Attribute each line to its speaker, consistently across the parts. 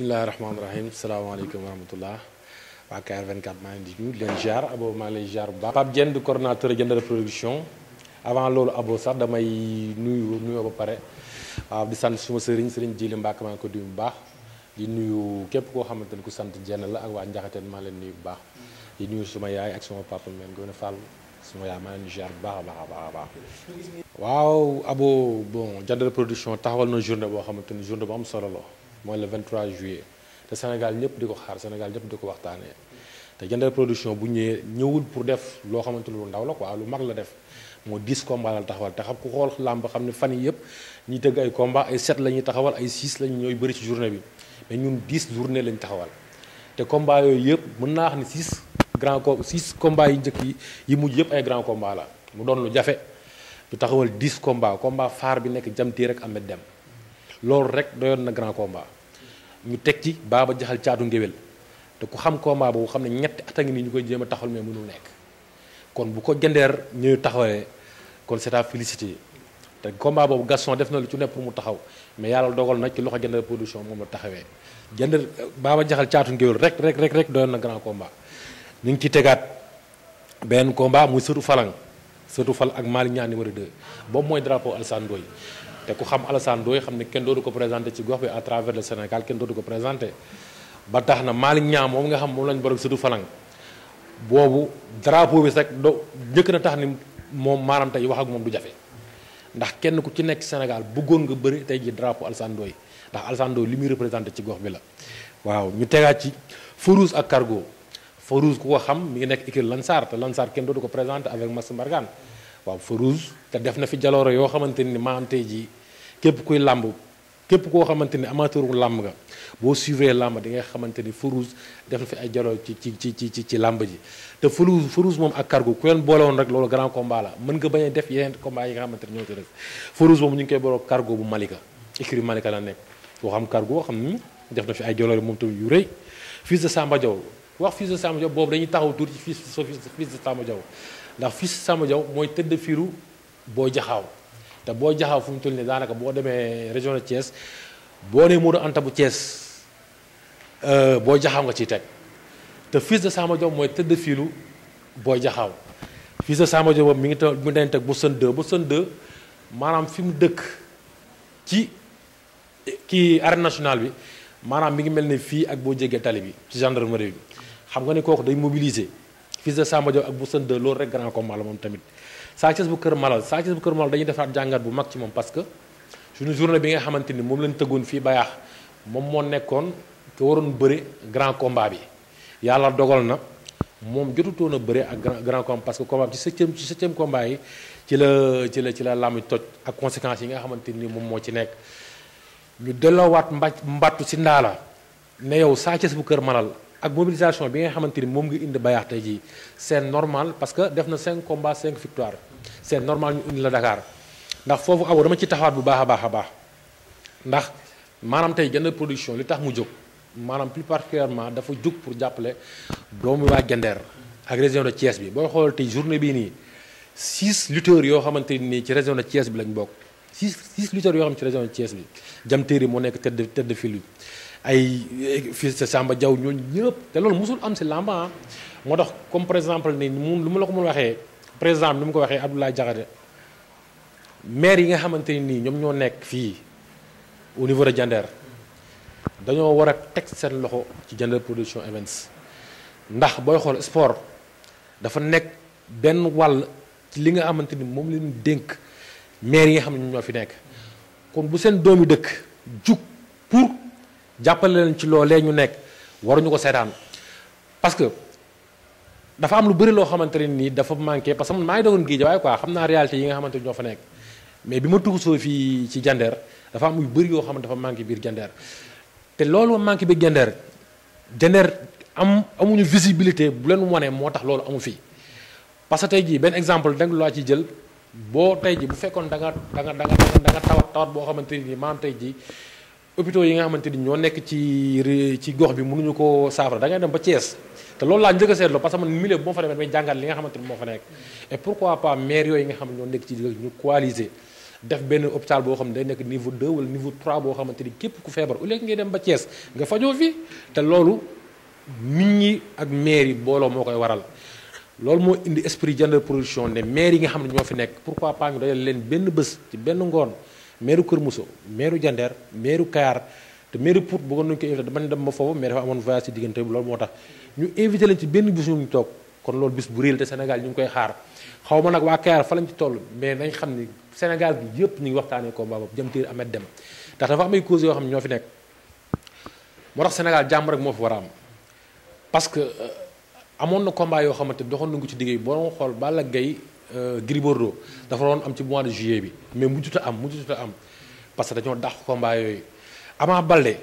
Speaker 1: bismillahi rahmaani rahim salaamaaleykum wa rahmatullah waa KR maa ngi di nuyu leen ziar abo maa ngi lay ziar bu baax Pape Diène du coordonnateur Diender production avant loolu aboo sax damay nuyu nuyoo ba pare waaw di sant suma sëriñ sëriñ Jili Mbàkke maa nuyu bu baax di nuyu képp koo xamante ni ku sant jenn la ak waa Njaxateen maa leen nuyu bu baax di nuyu suma yaay ak suma papa meen gën a suma yaay maa leen nuyu bu baax a baax a baax a baax waaw abo bon Diender production taxawal na journée boo xamante ni journée bu am solo la moi le 23 juillet te Sénégal ñëpp di ko xaar Sénégal ñëpp di ko waxtaanee te Diender production bu ñëwee ñëwul pour def loo xamante lu ndaw la quoi lu mag la def moo 10 combats la taxawal te xam ku xool làmb xam ne fan yii yëpp ñi tëgg ay combat ay 7 la ñuy taxawal ay 6 la ñu ñooy ci journée bi mais ñun 10 journée lañ taxawal te combat yooyu yëpp mën naa 6 grand combat, 6 combats yi njëkk yi yi mujj yëpp ay grand combat la mu doon lu jafe ñu taxawal 10 combats combat phare bi nekk jamtéer ak Ahmed Deme loolu rek doyoon na grand combat ñu teg ci baaba jaxal caatu ngéwél te ku xam combat boobu xam ne ñetti at ngi nii ñu koy jéem a taxal mais mënul nekk kon bu ko jëndeer ñëw taxawee kon c'est à féliciter te combat boobu Gaston def na lu ci nekk mu taxaw mais yàlla dogal na ci loxo jëndeer production moom la taxawee jëndeer baaba jaxal caatu ngéwél rek rek rek rek doyoon na grand combat ñu ngi ci tegaat benn combat muy sëtu falang sëtu fal ak Malick ñaar numéro boobu mooy drapeau Alassane Ndoye te ku xam Alassane Ndoye xam ne kenn dootu ko présenté ba tax na Malick Niang moom nga xam moom lañ borog sudu falang boobu drapeau bi sax do njëkk na tax ni moom maanaam tey wax ak moom du jafe ndax kenn ku ci nekk Sénégal bëggoon nga bëri tey ji drapeau Alassane Ndoye ndax Alassane Ndoye li muy représenté ci gox bi la waaw ñu tegaat ci Farouz ak Cargo Farouz ku ko xam mu ngi nekk équipe Lansar te Lansar kenn dootu ko présenté avec Max Mbargane waaw Farouz képp kuy làmb képp koo xamante ni amateur làmb nga boo suivre làmb di nga xamante ni Fourouz def na fi ay jaloo ci ci ci ci ci làmb ji te Fourouz Fourouz moom ak Cargo ku leen boole woon rek loolu grand combat la mën nga bañ a def yeneen combat yi nga xamante ni ñoo ci des Fourouz moom ñu ngi koy boole Cargo bu Malika écurie Malika la nekk boo xam Cargo xam ni def na fi ay jaloore moom tamit yu rëy fils de Samba Diaw wax fils de Samba Diaw boobu dañuy taxaw tuuti ci fils fils de Samba Diaw ndax fils de mooy tëdd fiiru boo jaxaaw te boo jaxaw fu mu toll nii daanaka boo demee région de Thiès boo nee Modou Anta bu Thiès euh, boo jaxaw nga ci teg te fils de Samba Diop mooy tëdd fiilu boo jaxaw fils de Samba Diop mi ngi ta mu ngi leen teg bu sën maanaam fi mu dëkk ci kii arène nationale bi maanaam mi ngi mel ni fii ak boo jegee tali bi ci gendarmerie bi xam nga ne kooku day mobiliser. fils de Samba Diop ak bu sën de loolu rek grand combat la moom tamit Sa Thiès bu Kër Malal Sa Thiès bu Kër Malal dañuy defaat jàngat bu mag ci moom parce que suñu journée bi nga xamante ni moom lañ tëggoon fii Bayaax moom moo nekkoon te waroon bëri grand combat bi yàlla dogal na moom jotutoon a bëri ak grand grand parce que combat ci septième ci septième combat yi ci la ci la ci la làmb toj ak conséquences yi nga xamante ni moom moo ci nekk ñu delloowaat mba mbattu si ndaa la ne yow Sa Thiès bu Kër Malal ak mobilisation bi nga xamanteni mom nga indi bayax tay ji c'est normal parce que def na 5 combats 5 victoires c'est normal ñu indi la Dakar ndax fofu awu dama ci taxawat bu baax a baax ndax manam tay Diender production li tax mu jóg manam plus particulièrement dafa jóg pour jàppale doomu wa Diender ak région de Thiès bi booy xol tay journée bi ni 6 lutteurs yo xamanteni nii ci région de Thiès bi lañ bok 6 6 lutteurs yo xam ci région de Thiès bi Diam téré mo nek tête de tête de ay eh, fils de Samba Diaw ñooñu ñëpp te loolu mosul am si lamba ah. moo tax comme par exemple ni mu lu ma la ko mën waxee président bi ni mu ko waxee Abdoulaye Diakhaté maire yi nga xamante nii ñoom ñoo nekk fii au niveau de Diender dañoo war a teg seen loxo ci Diender Production Events ndax booy xool sport dafa nekk benn wàll ci li nga xamante ni moom la dénk maire yi nga xam ne ñoom ñoo fi nekk kon bu seen doomi dëkk jug pour jàppale leen ci loolee ñu nekk waruñu ko seetaan parce que dafa am lu bëri loo xamante ne nii dafa manqué parce que maa ngi doon géej waaye a xam naa réalité yi nga xamante ñoo fa nekk mais bi ma tugg soo fii ci jandeer dafa am yu bëri yoo xam ne dafa manqué biir jandeer te loolu manqué bi gendeer jandeer am amuñu visibilité bu leen wanee moo tax loolu amu fii parce que tey jii benn exemple danga laa ci jël boo tey jii bu fekkoon da nga da nga da nga tawat boo xamante ni maanaam tey jii hôpitaux yi nga xamante ni ñoo nekk ci ci gox bi ñu ko saafara da ngay dem ba Thiès te loolu laa njëkk a seetloo parce que man milieu bu ma fa demee damay jàngat li nga xamante ni moo fa nekk et pourquoi pas ne ñoo nekk ci ñu coaliser boo xam ne day nekk niveau 2 wala niveau 3 boo xamante ni képp ku feebar au lieu dem ba Thiès nga fajoo fii te loolu nit ñi ak maire yi booloo moo koy waral loolu moo indi esprit gender production ne yi nga xam ne ñoo fi nekk pourquoi pas ñu dajal leen benn bés ci benn ngoon meeru Kër Moussa meeru Jandeer meeru Kayar te meeru Pout bëggoon nañu ko invité dama ne dem ma foofu mais dafa amoon voyage ci diggante bi loolu moo tax ñu invité lañ ci toog kon loolu bis bu réel te ñu ngi koy xaar xaw ma nag waa Kayar fa lañ ci toll mais xam ni Sénégal gi yëpp ñu ngi waxtaanee combat boobu jëm tiir Ahmed Deme ndax dafa am ay cause yoo xam ñoo fi nekk moo tax Sénégal jàmm rek moo fi war a am parce que euh, amoon na combat yoo xamante doxoon nañu ko ci diggéey boo doon xool Balla Gaye Euh, Gris Bordeaux dafa doon am ci mois de juillet bi mais mu a am mu a am parce que dañoo dàq combat yooyu Ama Baldé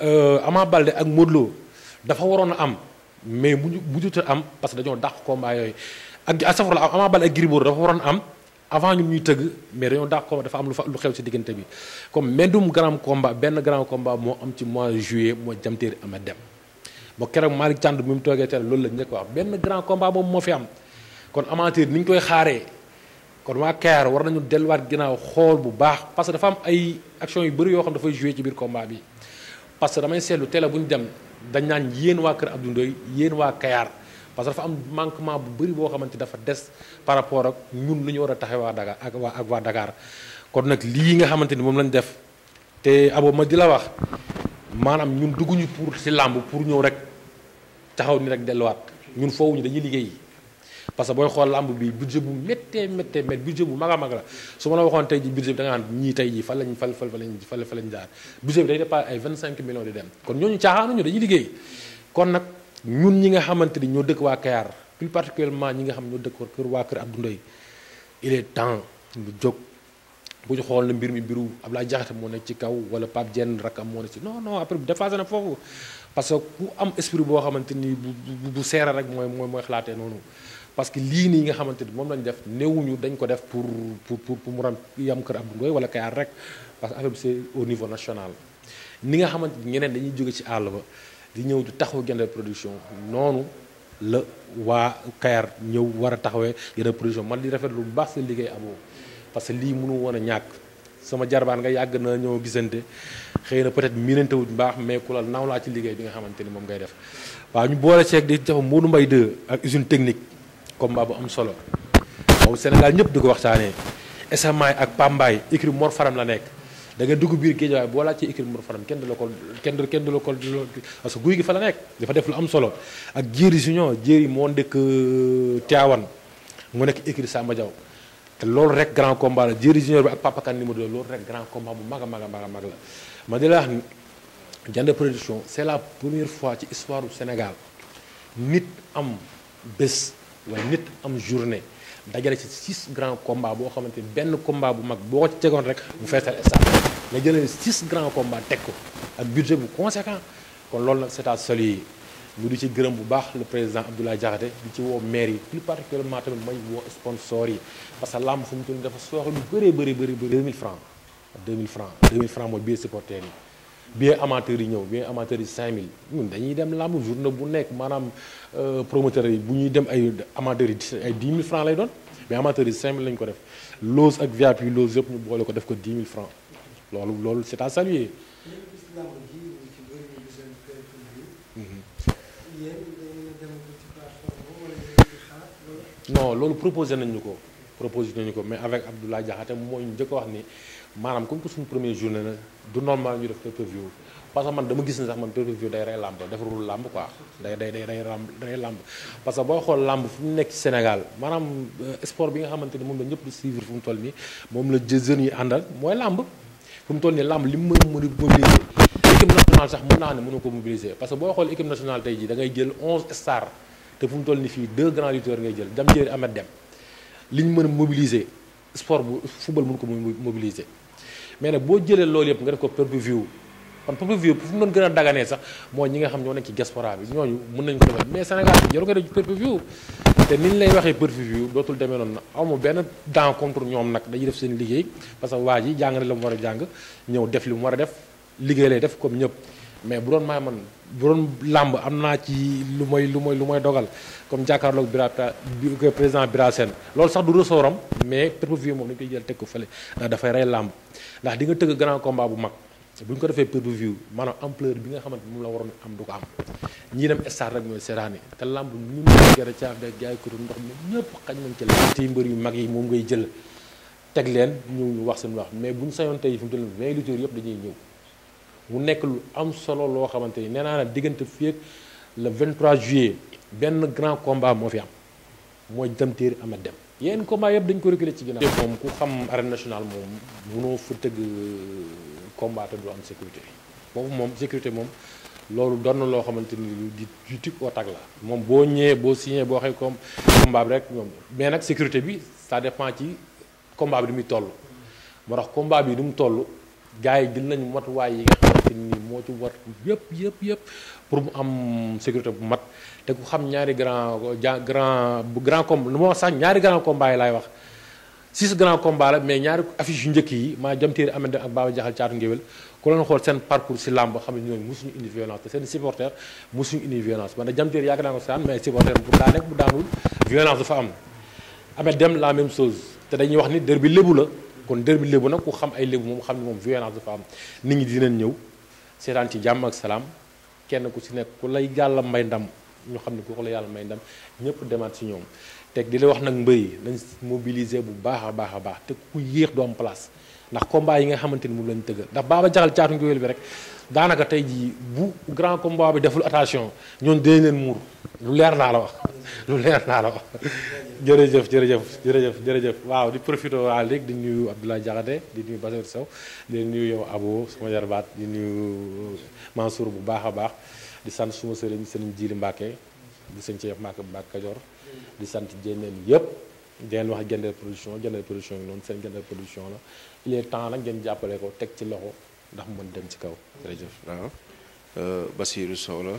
Speaker 1: euh, Ama ak Modou Lo dafa waroon a am mais mujj mujjut a am parce que dañoo dàq combat yooyu ak asafurla Ama Baldé ak Gris Bordeaux dafa waroon am avant ñu ñuy tëgg mais dañoo dàq combat dafa am lu fa lu xew ci diggante bi comme mendum grand combat benn grand combat moo am ci mois de juillet moo jamteeri a dem ba keroog Malick Thiandou bi mu toogee teel loolu la njëkk benn grand combat moom moo fi am kon amateur ni ñu koy xaaree kon waa Kayar war nañu delluwaat ginnaaw xool bu baax parce que dafa am ay action yu bëri yoo xam dafay joué ci biir combat bi parce que damay seetlu télé bu ñu dem dañ naan yéen waa kër ab Ndoye yéen waa Kayar parce que dafa am manquement bu bëri boo xamante dafa des par rapport ak ñun lu ñu war a taxe waa Dakar ak waa ak waa Dakar kon nag lii nga xamante ni moom lañ def te abo ma di la wax maanaam ñun dugguñu pour si làmb pour ñëw rek taxaw ni rek delluwaat ñun foofu dañuy liggéey. parce que booy xool lamb bi budget bu méttee méttee budget bu mag a mag la su ma la waxoon tey ji budget bi da nga naan ñii tey ji fan lañ fal fal fa lañ fa lañ jaar budget bi day dépassé ay 25 millions di dem kon ñooñu caaxaanuñu dañuy liggéey kon nag ñun ñi nga xamante ni ñoo dëkk waa Kayar plus particulièrement ñi nga xam ñoo dëkk kër waa kër Abdou Ndoye il est temps ñu jóg bu ñu xool na mbir mi mbiru Abdoulaye Diakhaté moo nekk ci kaw wala Pape Diène rakam moo nekk ci non non après dépassé na parce que ku am boo xamante ni bu bu bu rek mooy mooy mooy xalaatee noonu parce que lii nii nga xamante ni moom lañ def néewuñu dañ ko def pour pour pour mu ram yam kër Abdou Ndoye wala Kayar rek parce que affaire bi c'est au niveau national ni nga xamante ni ñeneen dañuy jóge ci àll ba di ñëw di taxaw Guendel production noonu la waa Kayar ñëw war a taxawee Guendel production man li rafet lu baax seen liggéey amoo parce que lii mënu woon a ñàkk sama jarbaan nga yàgg na ñëw gisante xëy na peut-être miinante wu baax mais ku la laa ci liggéey bi nga xamante ni moom ngay def waaw ñu boole ceeg di def Modou Mbaye technique combat bu am solo mo senegal ñep di waxtane esamay ak pambay ikri Mor Faram la nek da nga bir biir bo la ci ikri Mor Faram kenn do la ko kenn do kenn do la ko parce que guy gi fa la nekk dafa def lu am solo ak jeri suñu jeri mo ndek Tiawan mo nek ikri Samba Diaw te lool rek grand combat la jeri Junior bi ak Papa ni mo do lool rek grand combat bu maga maga maga mag la ma di la wax Production c'est la première fois ci histoire du senegal nit am bes waaye nit am journée six grands combats combat six grands combats budget bu conséquent kon lool c'est à le président Abdoulaye la di plus particulièrement parce que 2000 francs 2000 francs francs bien amateur yi ñëw bien amateur yi 5000 ñun dañuy dem làmb journée bu nek manam euh, promoteur yi bu ñuy dem ay amateur yi 10 francs lay doon mais amateur yi 5000 lañ ko def loose ak VIP yi loose yëpp ñu bolé ko def ko 10 000 francs lolu lolu c'est à saluer. non lolu proposé nañu ko proposé nañu ko mais avec Abdoulaye Diakhaté mooy ñu jëk wax ni. maanaam comme que suñu premier journée la du normal ñu def pay-per-view parce que man dama gis ne sax man pay-per-view day rey làmb defarul làmb làmb parce que boo xool làmb fu mu nekk ci Sénégal maanaam euh, sport bi nga xamante ni moom na ñëpp di suivre fu mu toll nii moom la jeunes yi àndal mooy làmb fu toll nii làmb li mu mën mobiliser équipe nationale sax mën naa ne mënu ko mobiliser parce que boo xool équipe nationale tey jii da ngay jël 11 stars te fu mu fii deux grands lutteurs ngay jël Dame Diéry Ameth li ñu mën a mobiliser sport bu football mënu ko mobiliser mais nag boo jëlee loolu yëpp nga def ko pay-per-view kon pay-per-view fu mu doon gën a daganee sax mooy ñi nga xam ñoo nekk ci diaspora bi ñooñu mën nañ ko defal mais Sénégal bi jaru nga def per view te ni lay waxee pay-per-view dootul demee noonu amu benn temps contre ñoom nag dañuy def seen liggéey parce que waa ji jàng na la mu war a jàng ñëw def li mu war a def liggéey lay def comme ñëpp mais bu doon maa man bu doon làmb am naa ci lu may lu may lu may dogal comme jàkkaarloog Birata bi euh, président Bira Sène loolu sax du resooram mais pay vieux view moom dañ koy jël teg ko fële ndax dafay rey làmb ndax di nga tëgg grand combat bu mag buñ ko defee pay vieux view maanaam ampleur bi nga xamante moom la waroon am du ko am ñii dem estar rek mooy seetaani te làmb ñu gën a caaf de jaay ko ndox mi ñëpp xañ nañ ci la ci mbër yu mag yi moom ngay jël teg leen ñu wax seen wax mais buñ ñu sañoon tey fi mu toll vingt lutteurs yëpp dañuy ñëw mu nekk lu am solo lo xamanteni ni nee naa la le 23 juillet benn grand combat mo fi am mooy dem tir Ama dem yeen combat yeb dañ ko reculer ci ginnaaw. moom ku xam arène nationale mom mënoo fa euh, combat te am sécurité boobu mom sécurité mom lolu don lo xamanteni di di tic au la. mom bo ñé bo signé bo waxee comme combat rek mais nak sécurité bi ça dépend ci combat bi du tollu toll tax combat bi dum tollu gars yi jël nañu matuwaay yi nga xamante ni moo ci war yëpp yëpp yëpp pour mu am sécurité bu mat te ku xam ñaari grand grand grand combat lu ma wax sax ñaari grand combat yi laay wax six grand combat la mais ñaari affiche yu njëkk yi maa jam téeri amante ak Baba Jaxal Caatu Ngéwél ku leen xool seen parcours xam ne ñooñu mosuñu indi violence te seen supporter mosuñu indi violence man da jam téeri naa ko saan mais supporter bu daa nekk bu daanul violence dafa am amet dem la même chose te dañuy wax ni bi lébu la kon derby lébu nag ku xam ay lébu moom xam ne moom violence dafa am nit ñi dinañ ñëw seetaan ci jàmm ak salaam kenn ku si nekk ku lay yàlla may ndam ñu xam ne ku ko la yàlla may ndam ñëpp demaat ci ñoom teg di la wax nag mbëri nañ mobiliser bu baax a baax a baax te ku yéex du am place ndax combat yi nga xamante ni moom lañ tëggal ndax baaba jaxal caatu ngéwél bi rek daanaka tey jii bu grand combat bi deful attention ñoon dinañ leen muur lu leer naa la wax lu leer naa la wax jërëjëf jërëjëf jërëjëf waaw di profité waa léegi di nuyu Abdoulaye Diakhaté di nuyu Basir Sow di nuyu yow Abo sama jarbaat di nuyu Mansour bu baax a baax di sant suma sëriñ seen Jiiri Mbàkke di sëñ Cheikh Mbàkke Mbàkke Kajoor di sant jénneen yépp dinañ wax Diender production Diender production noonu seen Diender production la il temps nag ngeen jàppale ko teg ci loxo
Speaker 2: ndax mën dem ci kaw. jërëjëf waaw euh, Basirou Sow la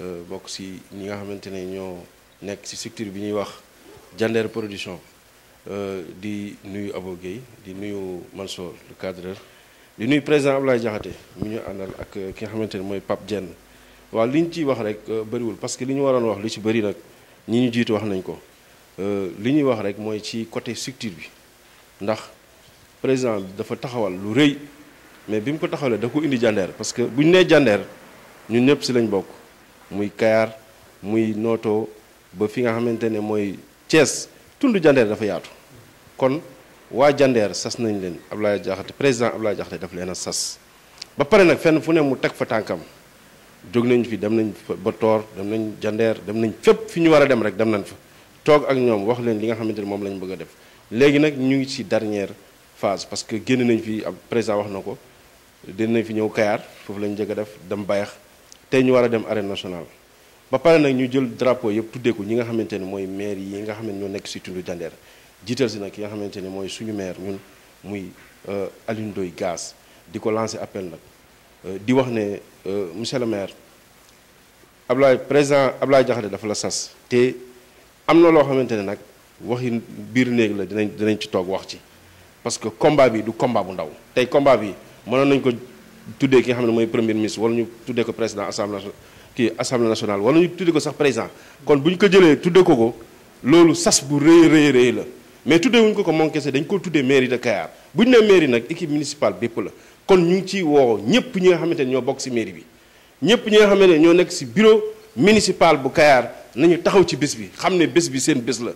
Speaker 2: euh, bokk si ñi nga xamante ne ñoo nekk si structure bi ñuy wax Diender production euh, di nuyu Abo Guèye di nuyu Mansour le cadreur di nuyu président Ablaye Diakhaté mu ñu àndal ak ki nga xamante ne mooy Pape Dieng waaw li ñu ciy wax rek bëriwul parce que li ñu waroon wax li ci bëri nag ñi ñu jiitu wax nañ ko. Euh, li ñuy wax rek mooy ci côté structure bi ndax président dafa taxawal lu rëy mais bi mu ko taxawalee da ko indi jandeer parce que bu ñu nee jandeer ñun ñëpp si lañ bokk muy Kayar muy Noto ba fi nga xamante ne mooy Thiès tund jandeer dafa yaatu kon waa jandeer sas nañ leen Ablaye Diakhaté président Ablaye Diakhaté daf leen a sas ba pare nag fenn fu ne mu teg fa tànkam jóg nañ fi dem nañ ba dem nañ jandeer dem nañ fépp fi ñu war a dem rek dem nañ fa toog ak ñoom wax leen li nga xamante ni moom lañu bëgga def léegi nag ñu ngi ci dernière phase parce que génn nañ fi ab président wax na ko dinañ fi ñëw Kayar foofu la ñu jëkk a def dem Bayax tey ñu war a dem arène national ba pare nag ñu jël drapeau yëpp tuddee ko ñi nga xamante ni mooy maire yi nga xam ne ñoo nekk ci tundu Jandeer jiital si nag ki nga xamante ni mooy suñu maire ñun muy euh, Alioune Ndoye Gaz di ko lancer appel nag euh, di wax ne euh, monsieur le maire Ablaye président Ablaye dafa la sas te am na loo xamante ne nag waxi biir néeg parce que combat bi du combat bu ndaw combat bi mënoon nañ ko tuddee ki nga xam premier ministre wala ñu ko président assemblée kii assemblée nationale wala ñu tuddee ko sax président kon buñ ko ko ko bu la mais tuddee wuñ ko ko dañ ko tuddee de Kayar municipal, mairie nag équipe municipale bépp la kon ñu ngi woo ñi nga xamante ne ñoo mairie bi ñi nga bureau municipal bu nañu taxaw ci bés bi xam ne bés bi seen bés la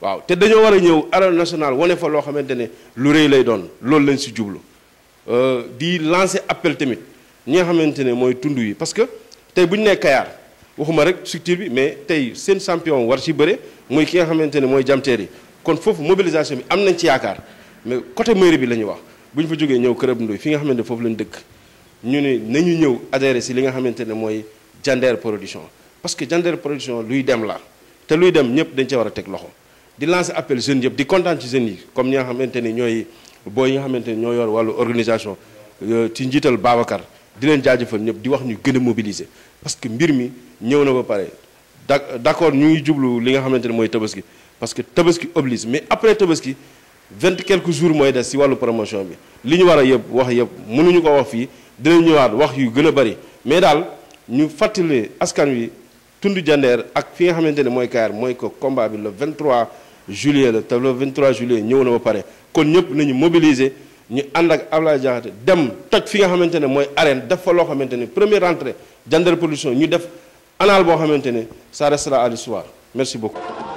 Speaker 2: waaw te dañoo war a ñëw arène nationale wane fa loo xamante ne lu rëy lay doon loolu lañ si jublu euh, di lancer appel tamit ñi nga xamante ne mooy tund yi parce que tey bu ñu nee Kayar waxuma rek structure bi mais tey seen champion war ci bëre muy ki nga xamante ne mooy jamteer yi kon foofu mobilisation bi am nañ ci yaakaar mais côté mairie bi la ñuy wax bu ñu fa jógee ñëw Kërëb Ndoy fi nga xamante foofu lañ dëkk ñu ne nañu ñëw adhéré si li nga xamante ne mooy Jandeer production parce que Diender production luy dem la te luy dem ñep dañ ci wara tek loxo di lancer appel jeune ñep di kontaan ci jeunes yi comme ñi nga xamanteni ñoy boy booy nga xamanteni ñoy ñoo yor wàllu organisation euh, ci njital babakar di len jaajëfal ñep di wax ñu gën mobiliser parce que mbir mi ñew na ba pare d'accord ñuy jublu li nga xamanteni moy tabaski parce que tabaski oblige mais après tabaski 20 quelques jours moy des ci walu promotion bi li ñu war a yëpp wax yëpp mënuñu ko wax fi dinañ ñëwaat wax yu gën bari mais dal ñu fatilé askan wi. tund jandeer ak fi nga xamante ne mooy Kayar mooy ko combat bi le 23 juillet la te vingt 23 juillet ñëw na ba pare kon ñëpp nañu mobiliser ñu ànd ak Ablaye Diakhaté dem toj fi nga xamante ne mooy arène def fa loo xamante ni première rentrée Diender Production ñu def anal boo xamante ne ça restera merci beaucoup